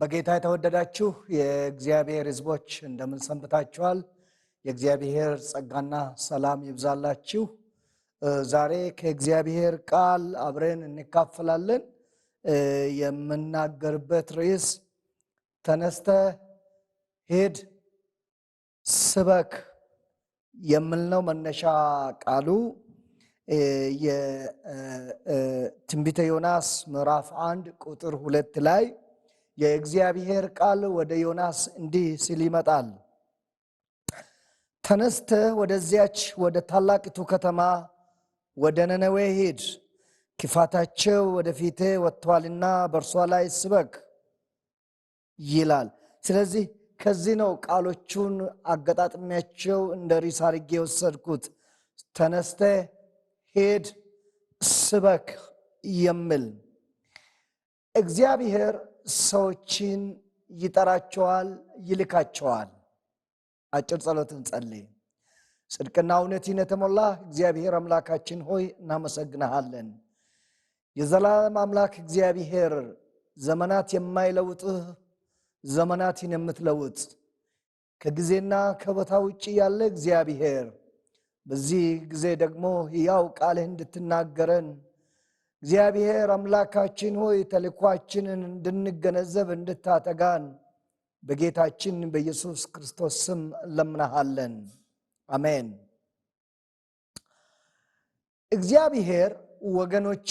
በጌታ የተወደዳችሁ የእግዚአብሔር ሕዝቦች እንደምን ሰንብታችኋል? የእግዚአብሔር ጸጋና ሰላም ይብዛላችሁ። ዛሬ ከእግዚአብሔር ቃል አብረን እንካፈላለን። የምናገርበት ርዕስ ተነስተ ሂድ ስበክ የሚል ነው። መነሻ ቃሉ የትንቢተ ዮናስ ምዕራፍ አንድ ቁጥር ሁለት ላይ የእግዚአብሔር ቃል ወደ ዮናስ እንዲህ ሲል ይመጣል። ተነስተ ወደዚያች ወደ ታላቂቱ ከተማ ወደ ነነዌ ሂድ፣ ክፋታቸው ወደ ፊቴ ወጥቷልና በእርሷ ላይ ስበክ ይላል። ስለዚህ ከዚህ ነው ቃሎቹን አገጣጥሚያቸው እንደ ርዕስ አድርጌ የወሰድኩት ተነስተ ሄድ ስበክ የሚል እግዚአብሔር ሰዎችን ይጠራቸዋል፣ ይልካቸዋል። አጭር ጸሎትን ጸልይ። ጽድቅና እውነትን የተሞላ እግዚአብሔር አምላካችን ሆይ እናመሰግናሃለን። የዘላለም አምላክ እግዚአብሔር ዘመናት የማይለውጥህ ዘመናትን የምትለውጥ ከጊዜና ከቦታ ውጭ ያለ እግዚአብሔር በዚህ ጊዜ ደግሞ ሕያው ቃልህ እንድትናገረን እግዚአብሔር አምላካችን ሆይ ተልኳችንን እንድንገነዘብ እንድታጠጋን በጌታችን በኢየሱስ ክርስቶስ ስም እለምናሃለን አሜን። እግዚአብሔር ወገኖቼ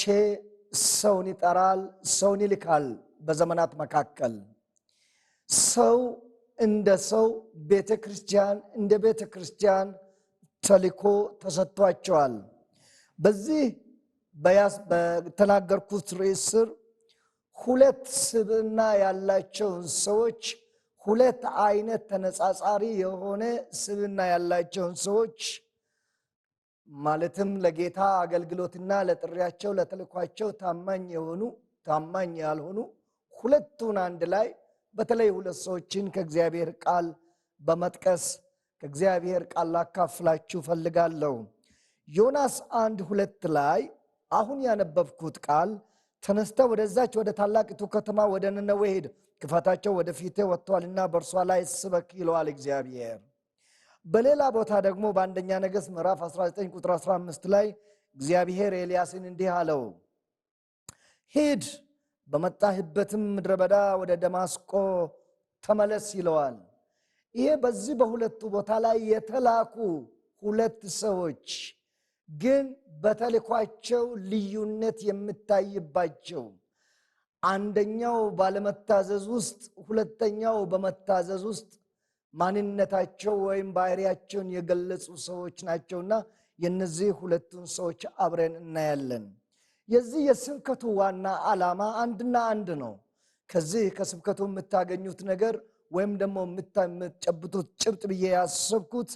ሰውን ይጠራል፣ ሰውን ይልካል። በዘመናት መካከል ሰው እንደ ሰው፣ ቤተ ክርስቲያን እንደ ቤተ ክርስቲያን ተልኮ ተሰጥቷቸዋል። በዚህ በተናገርኩት ርዕስ ስር ሁለት ስብዕና ያላቸውን ሰዎች ሁለት አይነት ተነጻጻሪ የሆነ ስብዕና ያላቸውን ሰዎች ማለትም ለጌታ አገልግሎትና ለጥሪያቸው ለተልኳቸው ታማኝ የሆኑ ታማኝ ያልሆኑ ሁለቱን አንድ ላይ በተለይ ሁለት ሰዎችን ከእግዚአብሔር ቃል በመጥቀስ ከእግዚአብሔር ቃል ላካፍላችሁ ፈልጋለሁ። ዮናስ አንድ ሁለት ላይ አሁን ያነበብኩት ቃል ተነስተ ወደዛች ወደ ታላቂቱ ከተማ ወደ ነነዌ ሄድ፣ ክፋታቸው ወደ ፊቴ ወጥቷልና በእርሷ ላይ ስበክ ይለዋል እግዚአብሔር። በሌላ ቦታ ደግሞ በአንደኛ ነገሥት ምዕራፍ 19 ቁጥር 15 ላይ እግዚአብሔር ኤልያስን እንዲህ አለው፣ ሂድ በመጣህበትም ምድረ በዳ ወደ ደማስቆ ተመለስ ይለዋል። ይሄ በዚህ በሁለቱ ቦታ ላይ የተላኩ ሁለት ሰዎች ግን በተልኳቸው ልዩነት የምታይባቸው አንደኛው ባለመታዘዝ ውስጥ፣ ሁለተኛው በመታዘዝ ውስጥ ማንነታቸው ወይም ባህሪያቸውን የገለጹ ሰዎች ናቸውና የነዚህ ሁለቱን ሰዎች አብረን እናያለን። የዚህ የስብከቱ ዋና ዓላማ አንድና አንድ ነው። ከዚህ ከስብከቱ የምታገኙት ነገር ወይም ደግሞ የምትጨብጡት ጭብጥ ብዬ ያሰብኩት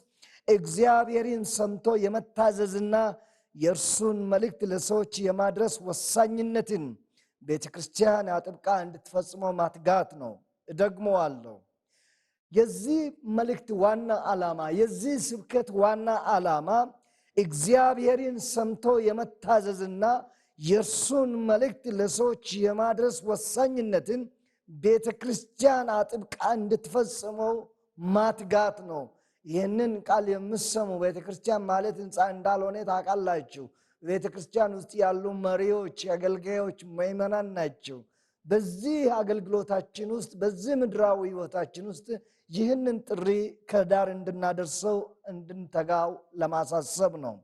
እግዚአብሔርን ሰምቶ የመታዘዝና የእርሱን መልእክት ለሰዎች የማድረስ ወሳኝነትን ቤተ ክርስቲያን አጥብቃ እንድትፈጽመው ማትጋት ነው። እደግሞ አለው የዚህ መልእክት ዋና ዓላማ የዚህ ስብከት ዋና ዓላማ እግዚአብሔርን ሰምቶ የመታዘዝና የእርሱን መልእክት ለሰዎች የማድረስ ወሳኝነትን ቤተ ክርስቲያን አጥብቃ እንድትፈጽመው ማትጋት ነው። ይህንን ቃል የምሰሙ ቤተክርስቲያን ማለት ህንፃ እንዳልሆነ ታውቃላችሁ። ቤተክርስቲያን ውስጥ ያሉ መሪዎች፣ አገልጋዮች መይመናን ናቸው። በዚህ አገልግሎታችን ውስጥ በዚህ ምድራዊ ህይወታችን ውስጥ ይህንን ጥሪ ከዳር እንድናደርሰው እንድንተጋው ለማሳሰብ ነው።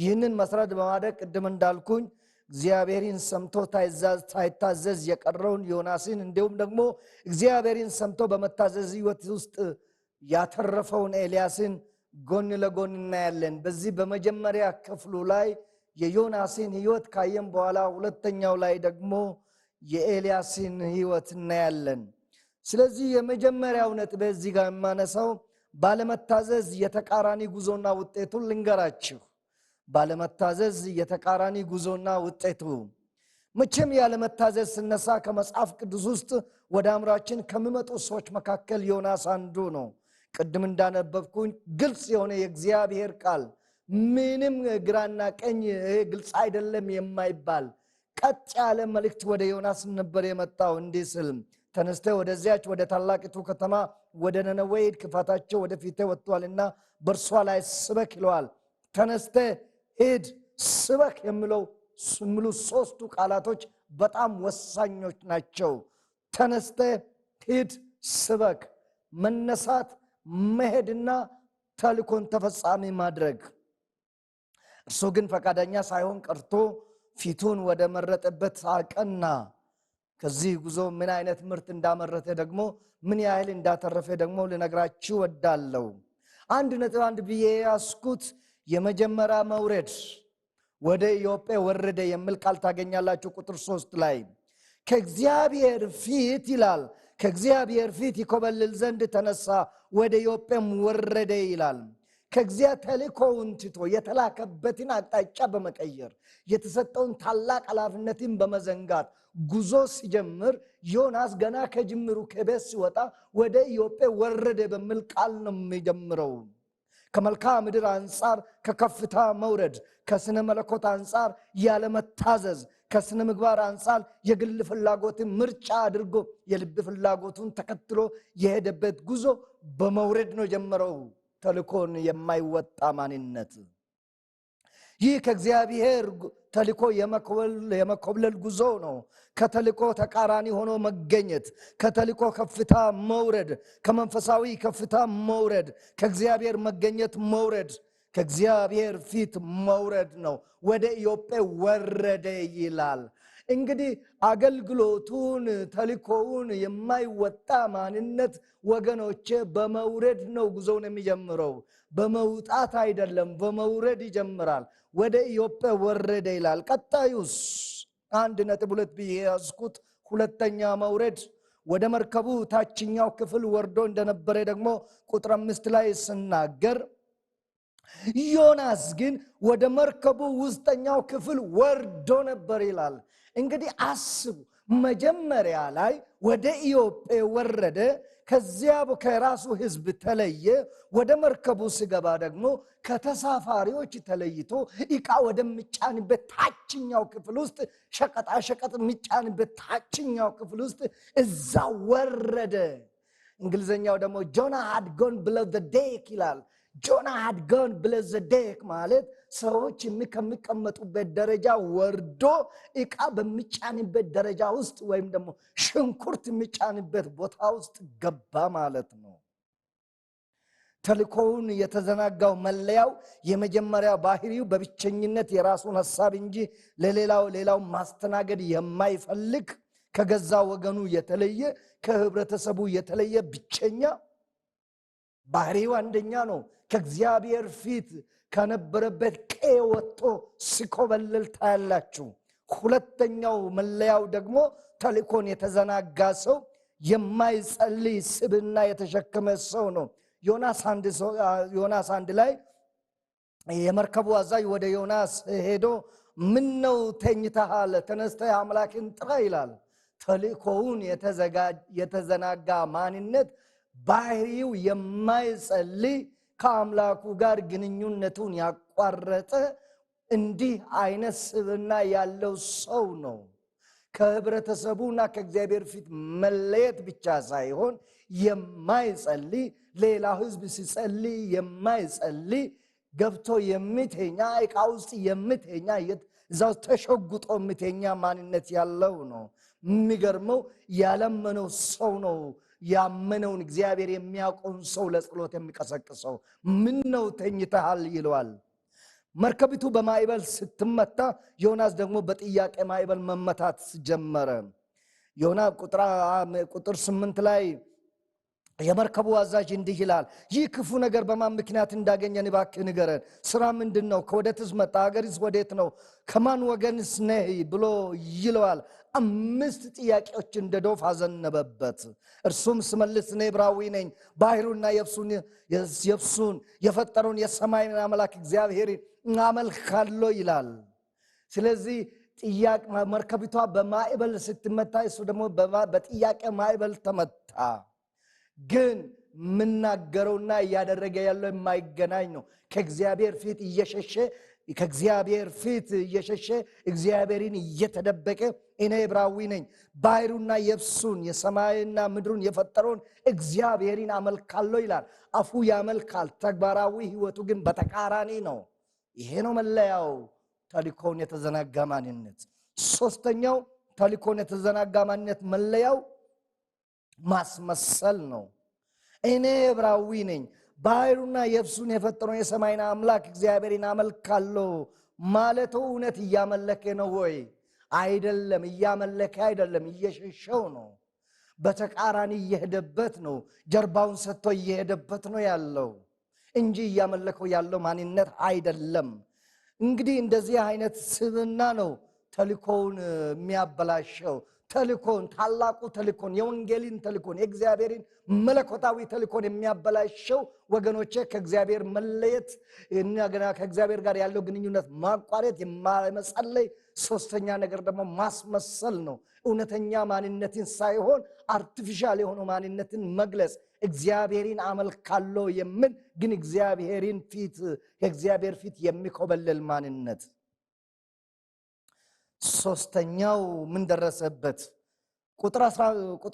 ይህንን መሰረት በማድረግ ቅድም እንዳልኩኝ እግዚአብሔርን ሰምቶ ሳይታዘዝ የቀረውን ዮናስን እንዲሁም ደግሞ እግዚአብሔርን ሰምቶ በመታዘዝ ህይወት ውስጥ ያተረፈውን ኤልያስን ጎን ለጎን እናያለን። በዚህ በመጀመሪያ ክፍሉ ላይ የዮናስን ህይወት ካየን በኋላ ሁለተኛው ላይ ደግሞ የኤልያስን ህይወት እናያለን። ስለዚህ የመጀመሪያው ነጥብ እዚህ ጋር የማነሳው ባለመታዘዝ የተቃራኒ ጉዞና ውጤቱን ልንገራችሁ። ባለመታዘዝ የተቃራኒ ጉዞና ውጤቱ መቼም ያለመታዘዝ ስነሳ ከመጽሐፍ ቅዱስ ውስጥ ወደ አእምሯችን ከሚመጡ ሰዎች መካከል ዮናስ አንዱ ነው። ቅድም እንዳነበብኩኝ ግልጽ የሆነ የእግዚአብሔር ቃል ምንም ግራና ቀኝ ግልጽ አይደለም የማይባል ቀጥ ያለ መልእክት ወደ ዮናስ ነበር የመጣው እንዲህ ስል ተነስተ ወደዚያች ወደ ታላቂቱ ከተማ ወደ ነነዌ ሂድ፣ ክፋታቸው ወደፊቴ ወጥቷልና በእርሷ ላይ ስበክ ይለዋል። ተነስተ ሂድ፣ ስበክ የሚለው የሚሉ ሶስቱ ቃላቶች በጣም ወሳኞች ናቸው። ተነስተ ሂድ፣ ስበክ። መነሳት መሄድና ተልኮን ተፈጻሚ ማድረግ። እርሱ ግን ፈቃደኛ ሳይሆን ቀርቶ ፊቱን ወደ መረጠበት አቀና። ከዚህ ጉዞ ምን አይነት ምርት እንዳመረተ ደግሞ ምን ያህል እንዳተረፈ ደግሞ ልነግራችሁ ወዳለው። አንድ ነጥብ አንድ ብዬ ያስኩት የመጀመሪያ መውረድ ወደ ኢዮጴ ወረደ የሚል ቃል ታገኛላችሁ ቁጥር ሶስት ላይ ከእግዚአብሔር ፊት ይላል ከእግዚአብሔር ፊት ይኮበልል ዘንድ ተነሳ፣ ወደ ዮጴም ወረደ ይላል። ከእግዚያ ተልእኮውን ትቶ የተላከበትን አቅጣጫ በመቀየር የተሰጠውን ታላቅ ኃላፊነትን በመዘንጋት ጉዞ ሲጀምር ዮናስ ገና ከጅምሩ ከቤት ሲወጣ ወደ ኢዮጴ ወረደ በሚል ቃል ነው የሚጀምረው። ከመልካ ምድር አንጻር ከከፍታ መውረድ፣ ከስነ መለኮት አንጻር ያለመታዘዝ ከስነ ምግባር አንጻር የግል ፍላጎትን ምርጫ አድርጎ የልብ ፍላጎቱን ተከትሎ የሄደበት ጉዞ በመውረድ ነው ጀመረው ተልኮን የማይወጣ ማንነት ይህ ከእግዚአብሔር ተልኮ የመኮብለል ጉዞ ነው። ከተልኮ ተቃራኒ ሆኖ መገኘት፣ ከተልኮ ከፍታ መውረድ፣ ከመንፈሳዊ ከፍታ መውረድ፣ ከእግዚአብሔር መገኘት መውረድ ከእግዚአብሔር ፊት መውረድ ነው። ወደ ኢዮጴ ወረደ ይላል። እንግዲህ አገልግሎቱን ተልኮውን የማይወጣ ማንነት ወገኖቼ በመውረድ ነው ጉዞውን የሚጀምረው፣ በመውጣት አይደለም፣ በመውረድ ይጀምራል። ወደ ኢዮጴ ወረደ ይላል። ቀጣዩስ አንድ ነጥብ ሁለት ብዬ ያዝኩት ሁለተኛ መውረድ ወደ መርከቡ ታችኛው ክፍል ወርዶ እንደነበረ ደግሞ ቁጥር አምስት ላይ ስናገር ዮናስ ግን ወደ መርከቡ ውስጠኛው ክፍል ወርዶ ነበር ይላል። እንግዲህ አስቡ፣ መጀመሪያ ላይ ወደ ኢዮጴ ወረደ። ከዚያ ከራሱ ህዝብ ተለየ። ወደ መርከቡ ስገባ ደግሞ ከተሳፋሪዎች ተለይቶ እቃ ወደሚጫንበት ታችኛው ክፍል ውስጥ ሸቀጣሸቀጥ የምጫንበት ታችኛው ክፍል ውስጥ እዛ ወረደ። እንግሊዝኛው ደግሞ ጆና ሃድ ጎን ብለው ዴክ ይላል። ጆና ሃድ ጋን ብለዘ ማለት ሰዎች ከሚቀመጡበት ደረጃ ወርዶ እቃ በሚጫንበት ደረጃ ውስጥ ወይም ደግሞ ሽንኩርት የሚጫንበት ቦታ ውስጥ ገባ ማለት ነው። ተልኮውን የተዘናጋው መለያው የመጀመሪያ ባህሪው በብቸኝነት የራሱን ሀሳብ እንጂ ለሌላው ሌላው ማስተናገድ የማይፈልግ ከገዛ ወገኑ የተለየ ከህብረተሰቡ የተለየ ብቸኛ ባህሪው አንደኛ ነው። ከእግዚአብሔር ፊት ከነበረበት ቀ ወጥቶ ሲኮበልል ታያላችሁ። ሁለተኛው መለያው ደግሞ ተልእኮን የተዘናጋ ሰው የማይጸልይ ስብና የተሸከመ ሰው ነው። ዮናስ አንድ ላይ የመርከቡ አዛዥ ወደ ዮናስ ሄዶ ምን ነው ተኝተሃል? ተነስተህ አምላክን ጥራ ይላል። ተልእኮውን የተዘናጋ ማንነት ባህሪው የማይጸልይ ከአምላኩ ጋር ግንኙነቱን ያቋረጠ እንዲህ አይነት ስብና ያለው ሰው ነው። ከህብረተሰቡና ከእግዚአብሔር ፊት መለየት ብቻ ሳይሆን የማይጸልይ ሌላ ህዝብ ሲጸልይ የማይጸልይ ገብቶ የሚተኛ እቃ ውስጥ የሚተኛ እዛ ውስጥ ተሸጉጦ የሚተኛ ማንነት ያለው ነው። የሚገርመው ያለመነው ሰው ነው። ያመነውን እግዚአብሔር የሚያውቀውን ሰው ለጸሎት የሚቀሰቅሰው ምን ነው ተኝተሃል ይለዋል። መርከቢቱ በማይበል ስትመታ ዮናስ ደግሞ በጥያቄ ማዕበል መመታት ጀመረ። ዮና ቁጥር ስምንት ላይ የመርከቡ አዛዥ እንዲህ ይላል፣ ይህ ክፉ ነገር በማን ምክንያት እንዳገኘን እባክህ ንገረን። ስራ ምንድን ነው? ከወዴትስ መጣ? አገርስ ወዴት ነው? ከማን ወገንስ ነህ? ብሎ ይለዋል። አምስት ጥያቄዎች እንደ ዶፍ አዘነበበት። እርሱም ስመልስ እኔ ዕብራዊ ነኝ፣ ባህሩና የብሱን የፈጠረውን የሰማይን አምላክ እግዚአብሔር አመልካለሁ ይላል። ስለዚህ መርከቢቷ በማዕበል ስትመታ፣ እሱ ደግሞ በጥያቄ ማዕበል ተመታ። ግን የምናገረውና እያደረገ ያለው የማይገናኝ ነው። ከእግዚአብሔር ፊት እየሸሸ ከእግዚአብሔር ፊት እየሸሸ እግዚአብሔርን እየተደበቀ እኔ ዕብራዊ ነኝ፣ ባህሩና የብሱን የሰማይና ምድሩን የፈጠረውን እግዚአብሔርን አመልካለሁ ይላል። አፉ ያመልካል፣ ተግባራዊ ህይወቱ ግን በተቃራኒ ነው። ይሄ ነው መለያው፣ ተልእኮውን የተዘናጋ ማንነት። ሶስተኛው ተልእኮውን የተዘናጋ ማንነት መለያው ማስመሰል ነው። እኔ ዕብራዊ ነኝ፣ ባህሩና የብሱን የፈጠረውን የሰማይን አምላክ እግዚአብሔርን አመልካለሁ ማለቱ እውነት እያመለከ ነው ወይ? አይደለም። እያመለከ አይደለም፣ እየሸሸው ነው። በተቃራኒ እየሄደበት ነው። ጀርባውን ሰጥቶ እየሄደበት ነው ያለው እንጂ እያመለከው ያለው ማንነት አይደለም። እንግዲህ እንደዚህ አይነት ስብና ነው ተልእኮውን የሚያበላሸው። ተልኮን ታላቁ ተልኮን የወንጌልን ተልኮን የእግዚአብሔርን መለኮታዊ ተልኮን የሚያበላሸው ወገኖቼ ከእግዚአብሔር መለየት እናገና ከእግዚአብሔር ጋር ያለው ግንኙነት ማቋረጥ፣ የማመጸለይ፣ ሶስተኛ ነገር ደግሞ ማስመሰል ነው። እውነተኛ ማንነትን ሳይሆን አርቲፊሻል የሆኑ ማንነትን መግለጽ እግዚአብሔርን አመልካለሁ የምን ግን እግዚአብሔርን ፊት ከእግዚአብሔር ፊት የሚኮበልል ማንነት ሶስተኛው ምን ደረሰበት? ቁጥር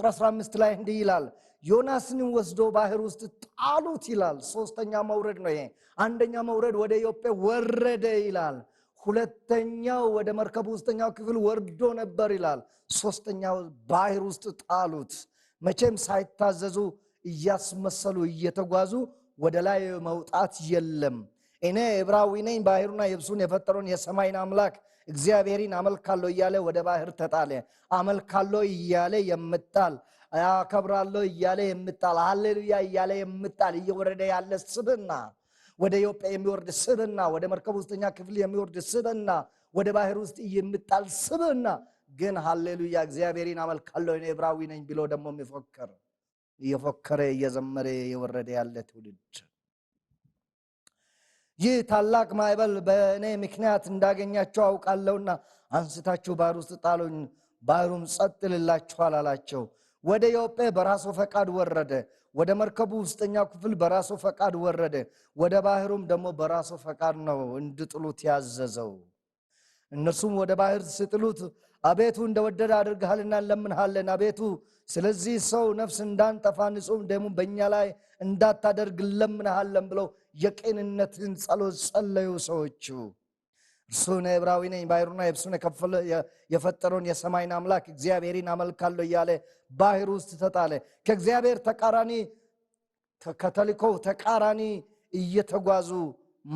15 ላይ እንዲህ ይላል፣ ዮናስን ወስዶ ባህር ውስጥ ጣሉት ይላል። ሶስተኛ መውረድ ነው ይሄ። አንደኛ መውረድ ወደ ኢዮጴ ወረደ ይላል። ሁለተኛው ወደ መርከቡ ውስጠኛው ክፍል ወርዶ ነበር ይላል። ሶስተኛው ባህር ውስጥ ጣሉት። መቼም ሳይታዘዙ እያስመሰሉ እየተጓዙ ወደ ላይ መውጣት የለም። እኔ ዕብራዊ ነኝ፣ ባህሩና የብሱን የፈጠረውን የሰማይን አምላክ እግዚአብሔርን አመልካለሁ እያለ ወደ ባህር ተጣለ። አመልካለሁ እያለ የምጣል አከብራለሁ እያለ የምጣል ሀሌሉያ እያለ የምጣል እየወረደ ያለ ስብና ወደ ኢዮጴ የሚወርድ ስብና ወደ መርከብ ውስጠኛ ክፍል የሚወርድ ስብና ወደ ባህር ውስጥ የምጣል ስብና ግን ሀሌሉያ እግዚአብሔርን አመልካለሁ እኔ ዕብራዊ ነኝ ብሎ ደግሞ የሚፎከር እየፎከረ እየዘመረ የወረደ ያለ ትውልድ ይህ ታላቅ ማዕበል በእኔ ምክንያት እንዳገኛቸው አውቃለሁና አንስታችሁ ባህር ውስጥ ጣሉኝ፣ ባህሩም ጸጥ ይልላችኋል አላቸው። ወደ ዮጴ በራሱ ፈቃድ ወረደ። ወደ መርከቡ ውስጠኛ ክፍል በራሱ ፈቃድ ወረደ። ወደ ባህሩም ደግሞ በራሱ ፈቃድ ነው እንድጥሉት ያዘዘው። እነሱም ወደ ባህር ሲጥሉት አቤቱ እንደወደደ አድርግሃልና እንለምንሃለን። አቤቱ ስለዚህ ሰው ነፍስ እንዳንጠፋ ንጹም ደሙ በእኛ ላይ እንዳታደርግ እንለምንሃለን ብለው የቅንነትን ጸሎት ጸለዩ ሰዎቹ። እርሱ ዕብራዊ ነኝ ባህሩና የብሱን የከፈለ የፈጠረውን የሰማይን አምላክ እግዚአብሔርን አመልካለሁ እያለ ባህር ውስጥ ተጣለ። ከእግዚአብሔር ተቃራኒ ከተልእኮው ተቃራኒ እየተጓዙ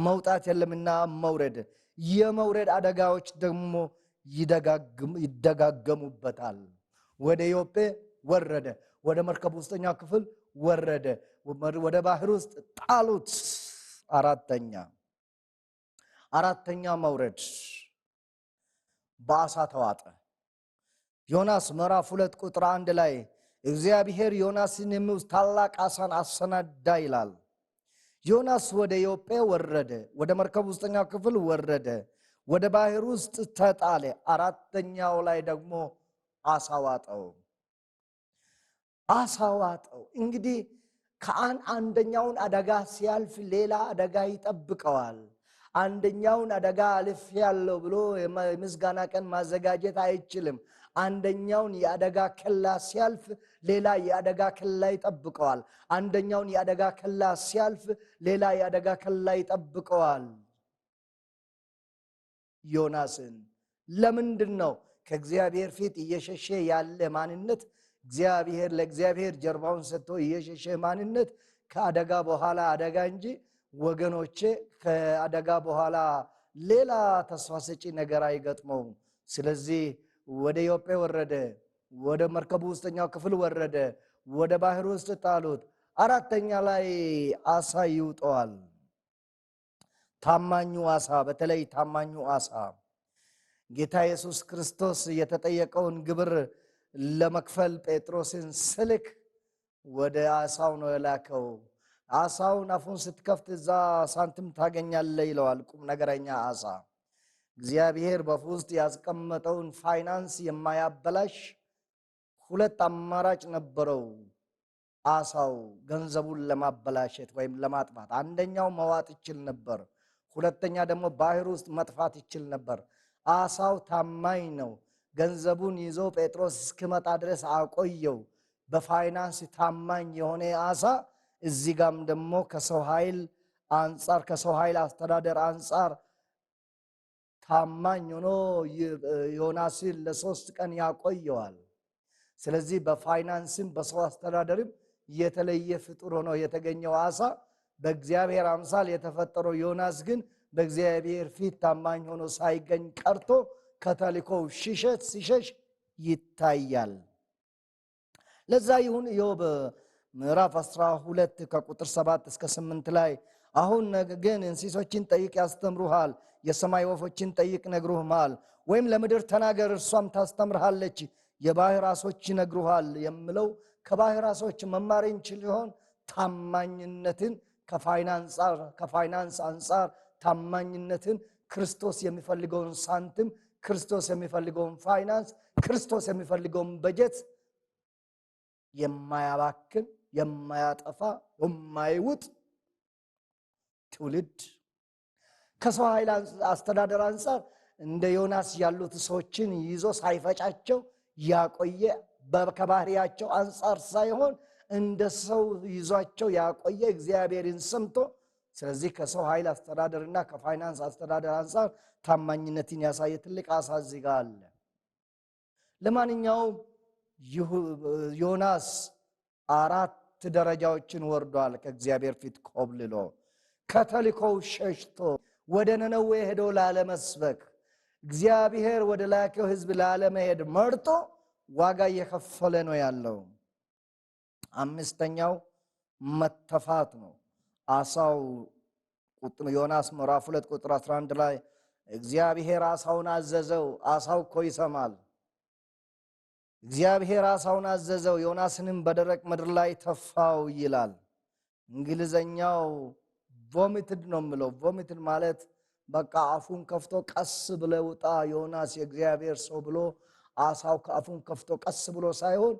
መውጣት የለምና መውረድ የመውረድ አደጋዎች ደግሞ ይደጋገሙበታል። ወደ ኢዮጴ ወረደ። ወደ መርከብ ውስጠኛ ክፍል ወረደ። ወደ ባህር ውስጥ ጣሉት። አራተኛ አራተኛ መውረድ በአሳ ተዋጠ። ዮናስ ምዕራፍ ሁለት ቁጥር አንድ ላይ እግዚአብሔር ዮናስን የሚውስ ታላቅ አሳን አሰናዳ ይላል። ዮናስ ወደ ኢዮጴ ወረደ። ወደ መርከብ ውስጠኛ ክፍል ወረደ። ወደ ባህር ውስጥ ተጣለ። አራተኛው ላይ ደግሞ አሳዋጠው አሳዋጠው። እንግዲህ ከአን አንደኛውን አደጋ ሲያልፍ ሌላ አደጋ ይጠብቀዋል። አንደኛውን አደጋ አልፍ ያለው ብሎ የምስጋና ቀን ማዘጋጀት አይችልም። አንደኛውን የአደጋ ከላ ሲያልፍ ሌላ የአደጋ ከላ ይጠብቀዋል። አንደኛውን የአደጋ ከላ ሲያልፍ ሌላ የአደጋ ከላ ይጠብቀዋል። ዮናስን። ለምንድን ነው ከእግዚአብሔር ፊት እየሸሸ ያለ ማንነት እግዚአብሔር ለእግዚአብሔር ጀርባውን ሰጥቶ እየሸሸ ማንነት ከአደጋ በኋላ አደጋ እንጂ ወገኖቼ ከአደጋ በኋላ ሌላ ተስፋ ሰጪ ነገር አይገጥመውም። ስለዚህ ወደ ዮጴ ወረደ። ወደ መርከቡ ውስጠኛው ክፍል ወረደ። ወደ ባህር ውስጥ ጣሉት። አራተኛ ላይ አሳ ይውጠዋል። ታማኙ አሳ፣ በተለይ ታማኙ አሳ ጌታ ኢየሱስ ክርስቶስ የተጠየቀውን ግብር ለመክፈል ጴጥሮስን ስልክ ወደ አሳው ነው የላከው። አሳውን አፉን ስትከፍት እዛ ሳንቲም ታገኛለ ይለዋል። ቁም ነገረኛ አሳ እግዚአብሔር በፉ ውስጥ ያስቀመጠውን ፋይናንስ የማያበላሽ ሁለት አማራጭ ነበረው። አሳው ገንዘቡን ለማበላሸት ወይም ለማጥፋት አንደኛው መዋጥ ይችል ነበር። ሁለተኛ ደግሞ ባህር ውስጥ መጥፋት ይችል ነበር። አሳው ታማኝ ነው። ገንዘቡን ይዞ ጴጥሮስ እስክመጣ ድረስ አቆየው። በፋይናንስ ታማኝ የሆነ አሳ እዚህ ጋም ደግሞ ከሰው ኃይል አንጻር ከሰው ኃይል አስተዳደር አንጻር ታማኝ ሆኖ ዮናስን ለሶስት ቀን ያቆየዋል። ስለዚህ በፋይናንስም በሰው አስተዳደርም የተለየ ፍጡር ሆኖ የተገኘው አሳ በእግዚአብሔር አምሳል የተፈጠረው ዮናስ ግን በእግዚአብሔር ፊት ታማኝ ሆኖ ሳይገኝ ቀርቶ ከተልእኮው ሽሸት ሲሸሽ ይታያል። ለዛ ይሁን ኢዮብ ምዕራፍ 12 ከቁጥር 7 እስከ 8 ላይ አሁን ግን እንስሶችን ጠይቅ ያስተምሩሃል፣ የሰማይ ወፎችን ጠይቅ ነግሩህማል፣ ወይም ለምድር ተናገር እርሷም ታስተምርሃለች፣ የባህር ዓሦች ይነግሩሃል የምለው ከባህር ዓሦች መማር እንችል ይሆን ታማኝነትን ከፋይናንስ አንጻር ታማኝነትን ክርስቶስ የሚፈልገውን ሳንቲም፣ ክርስቶስ የሚፈልገውን ፋይናንስ፣ ክርስቶስ የሚፈልገውን በጀት የማያባክን የማያጠፋ የማይውጥ ትውልድ ከሰው ኃይል አስተዳደር አንጻር እንደ ዮናስ ያሉት ሰዎችን ይዞ ሳይፈጫቸው ያቆየ ከባህሪያቸው አንጻር ሳይሆን እንደ ሰው ይዟቸው ያቆየ እግዚአብሔርን ሰምቶ ስለዚህ ከሰው ኃይል አስተዳደርና ከፋይናንስ አስተዳደር አንጻር ታማኝነትን ያሳየ ትልቅ አሳ አለ። ለማንኛውም ዮናስ አራት ደረጃዎችን ወርዷል። ከእግዚአብሔር ፊት ኮብልሎ ከተልኮው ሸሽቶ ወደ ነነዌ ሄዶ ላለመስበክ እግዚአብሔር ወደ ላከው ሕዝብ ላለመሄድ መርጦ ዋጋ እየከፈለ ነው ያለው። አምስተኛው መተፋት ነው። አሳው ዮናስ ምዕራፍ 2 ቁጥር 11 ላይ እግዚአብሔር አሳውን አዘዘው። አሳው እኮ ይሰማል። እግዚአብሔር አሳውን አዘዘው፣ ዮናስንም በደረቅ ምድር ላይ ተፋው ይላል። እንግሊዘኛው ቮሚትድ ነው የምለው። ቮሚትድ ማለት በቃ አፉን ከፍቶ ቀስ ብለውጣ ዮናስ የእግዚአብሔር ሰው ብሎ አሳው ከአፉን ከፍቶ ቀስ ብሎ ሳይሆን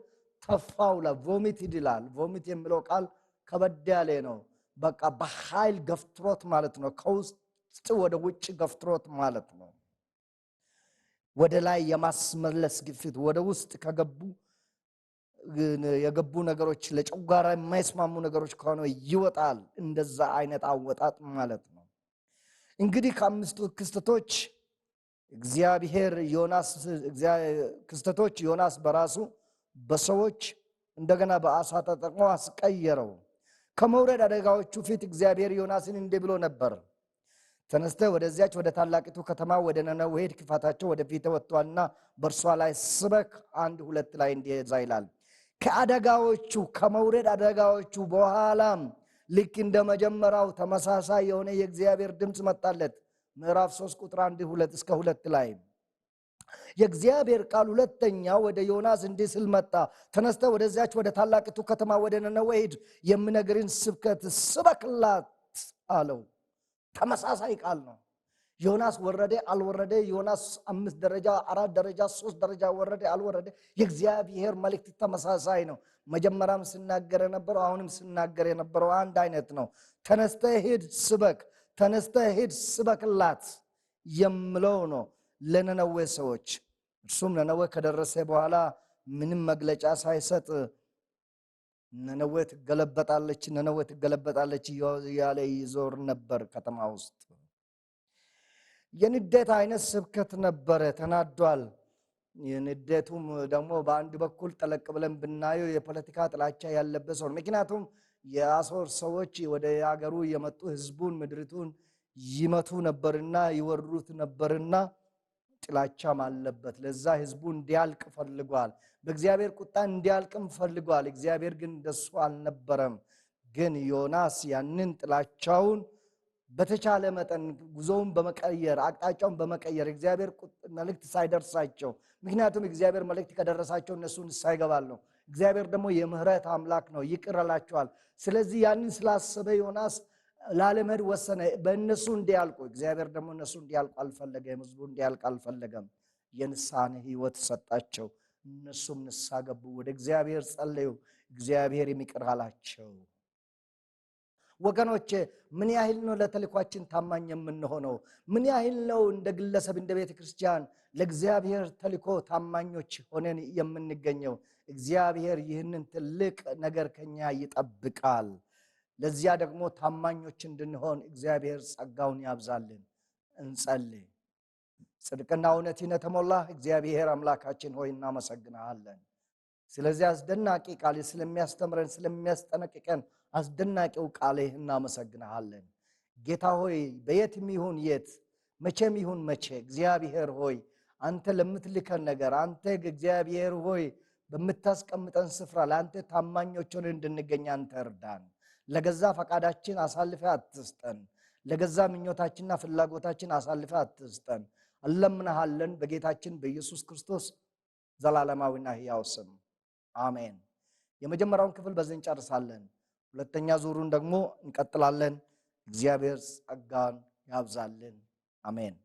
ተፋው ቮሚት ይድላል። ቮሚት የሚለው ቃል ከበድ ያለ ነው። በቃ በኃይል ገፍትሮት ማለት ነው። ከውስጥ ወደ ውጭ ገፍትሮት ማለት ነው። ወደ ላይ የማስመለስ ግፊት፣ ወደ ውስጥ ከገቡ የገቡ ነገሮች ለጨጓራ የማይስማሙ ነገሮች ከሆነ ይወጣል። እንደዛ አይነት አወጣጥ ማለት ነው። እንግዲህ ከአምስቱ ክስተቶች እግዚአብሔር ዮናስ ክስተቶች ዮናስ በራሱ በሰዎች እንደገና በአሳ ተጠቅሞ አስቀየረው። ከመውረድ አደጋዎቹ ፊት እግዚአብሔር ዮናስን እንዲህ ብሎ ነበር፣ ተነስተ ወደዚያች ወደ ታላቂቱ ከተማ ወደ ነነዌ ሂድ፣ ክፋታቸው ወደፊት ወጥቷልና በእርሷ ላይ ስበክ። አንድ ሁለት ላይ እንዲዛ ይላል። ከአደጋዎቹ ከመውረድ አደጋዎቹ በኋላም ልክ እንደ መጀመሪያው ተመሳሳይ የሆነ የእግዚአብሔር ድምፅ መጣለት። ምዕራፍ 3 ቁጥር አንድ ሁለት እስከ ሁለት ላይ የእግዚአብሔር ቃል ሁለተኛ ወደ ዮናስ እንዲህ ስል መጣ፣ ተነስተ ወደዚያች ወደ ታላቅቱ ከተማ ወደ ነነዌ ሂድ፣ የምነግርን ስብከት ስበክላት አለው። ተመሳሳይ ቃል ነው። ዮናስ ወረደ አልወረደ፣ ዮናስ አምስት ደረጃ አራት ደረጃ ሶስት ደረጃ ወረደ አልወረደ፣ የእግዚአብሔር መልእክት ተመሳሳይ ነው። መጀመሪያም ስናገር የነበረው አሁንም ስናገር የነበረው አንድ አይነት ነው። ተነስተ ሂድ ስበክ፣ ተነስተ ሂድ ስበክላት የምለው ነው። ለነነዌ ሰዎች። እርሱም ነነዌ ከደረሰ በኋላ ምንም መግለጫ ሳይሰጥ ነነዌ ትገለበጣለች፣ ነነዌ ትገለበጣለች እያለ ይዞር ነበር ከተማ ውስጥ። የንዴት አይነት ስብከት ነበረ። ተናዷል። ንዴቱም ደግሞ በአንድ በኩል ጠለቅ ብለን ብናየው የፖለቲካ ጥላቻ ያለበት ሰው። ምክንያቱም የአሶር ሰዎች ወደ ሀገሩ የመጡ ህዝቡን ምድሪቱን ይመቱ ነበርና ይወሩት ነበርና ጥላቻም አለበት። ለዛ ህዝቡ እንዲያልቅ ፈልጓል። በእግዚአብሔር ቁጣ እንዲያልቅም ፈልጓል። እግዚአብሔር ግን እንደሱ አልነበረም። ግን ዮናስ ያንን ጥላቻውን በተቻለ መጠን ጉዞውን በመቀየር አቅጣጫውን በመቀየር እግዚአብሔር መልእክት ሳይደርሳቸው፣ ምክንያቱም እግዚአብሔር መልእክት ከደረሳቸው እነሱን ሳይገባል ነው። እግዚአብሔር ደግሞ የምህረት አምላክ ነው፣ ይቅር እላቸዋል። ስለዚህ ያንን ስላሰበ ዮናስ ላለመድ ወሰነ። በእነሱ እንዲያልቁ እግዚአብሔር ደግሞ እነሱ እንዲያልቁ አልፈለገም። ህዝቡ እንዲያልቅ አልፈለገም። የንስሐን ህይወት ሰጣቸው። እነሱም ንስሐ ገቡ፣ ወደ እግዚአብሔር ጸለዩ። እግዚአብሔር ይቅር አላቸው። ወገኖች ምን ያህል ነው ለተልኳችን ታማኝ የምንሆነው? ምን ያህል ነው እንደ ግለሰብ እንደ ቤተ ክርስቲያን ለእግዚአብሔር ተልኮ ታማኞች ሆነን የምንገኘው? እግዚአብሔር ይህንን ትልቅ ነገር ከኛ ይጠብቃል። ለዚያ ደግሞ ታማኞች እንድንሆን እግዚአብሔር ጸጋውን ያብዛልን። እንጸልይ። ጽድቅና እውነትን የተሞላህ እግዚአብሔር አምላካችን ሆይ እናመሰግናሃለን። ስለዚህ አስደናቂ ቃልህ ስለሚያስተምረን፣ ስለሚያስጠነቅቀን አስደናቂው ቃልህ እናመሰግናሃለን። ጌታ ሆይ በየትም ይሁን የት መቼም ይሁን መቼ እግዚአብሔር ሆይ አንተ ለምትልከን ነገር አንተ እግዚአብሔር ሆይ በምታስቀምጠን ስፍራ ለአንተ ታማኞችን እንድንገኝ አንተ እርዳን። ለገዛ ፈቃዳችን አሳልፈ አትስጠን። ለገዛ ምኞታችንና ፍላጎታችን አሳልፈ አትስጠን። እንለምንሃለን በጌታችን በኢየሱስ ክርስቶስ ዘላለማዊና ሕያው ስም አሜን። የመጀመሪያውን ክፍል በዚህ እንጨርሳለን። ሁለተኛ ዙሩን ደግሞ እንቀጥላለን። እግዚአብሔር ጸጋን ያብዛልን። አሜን።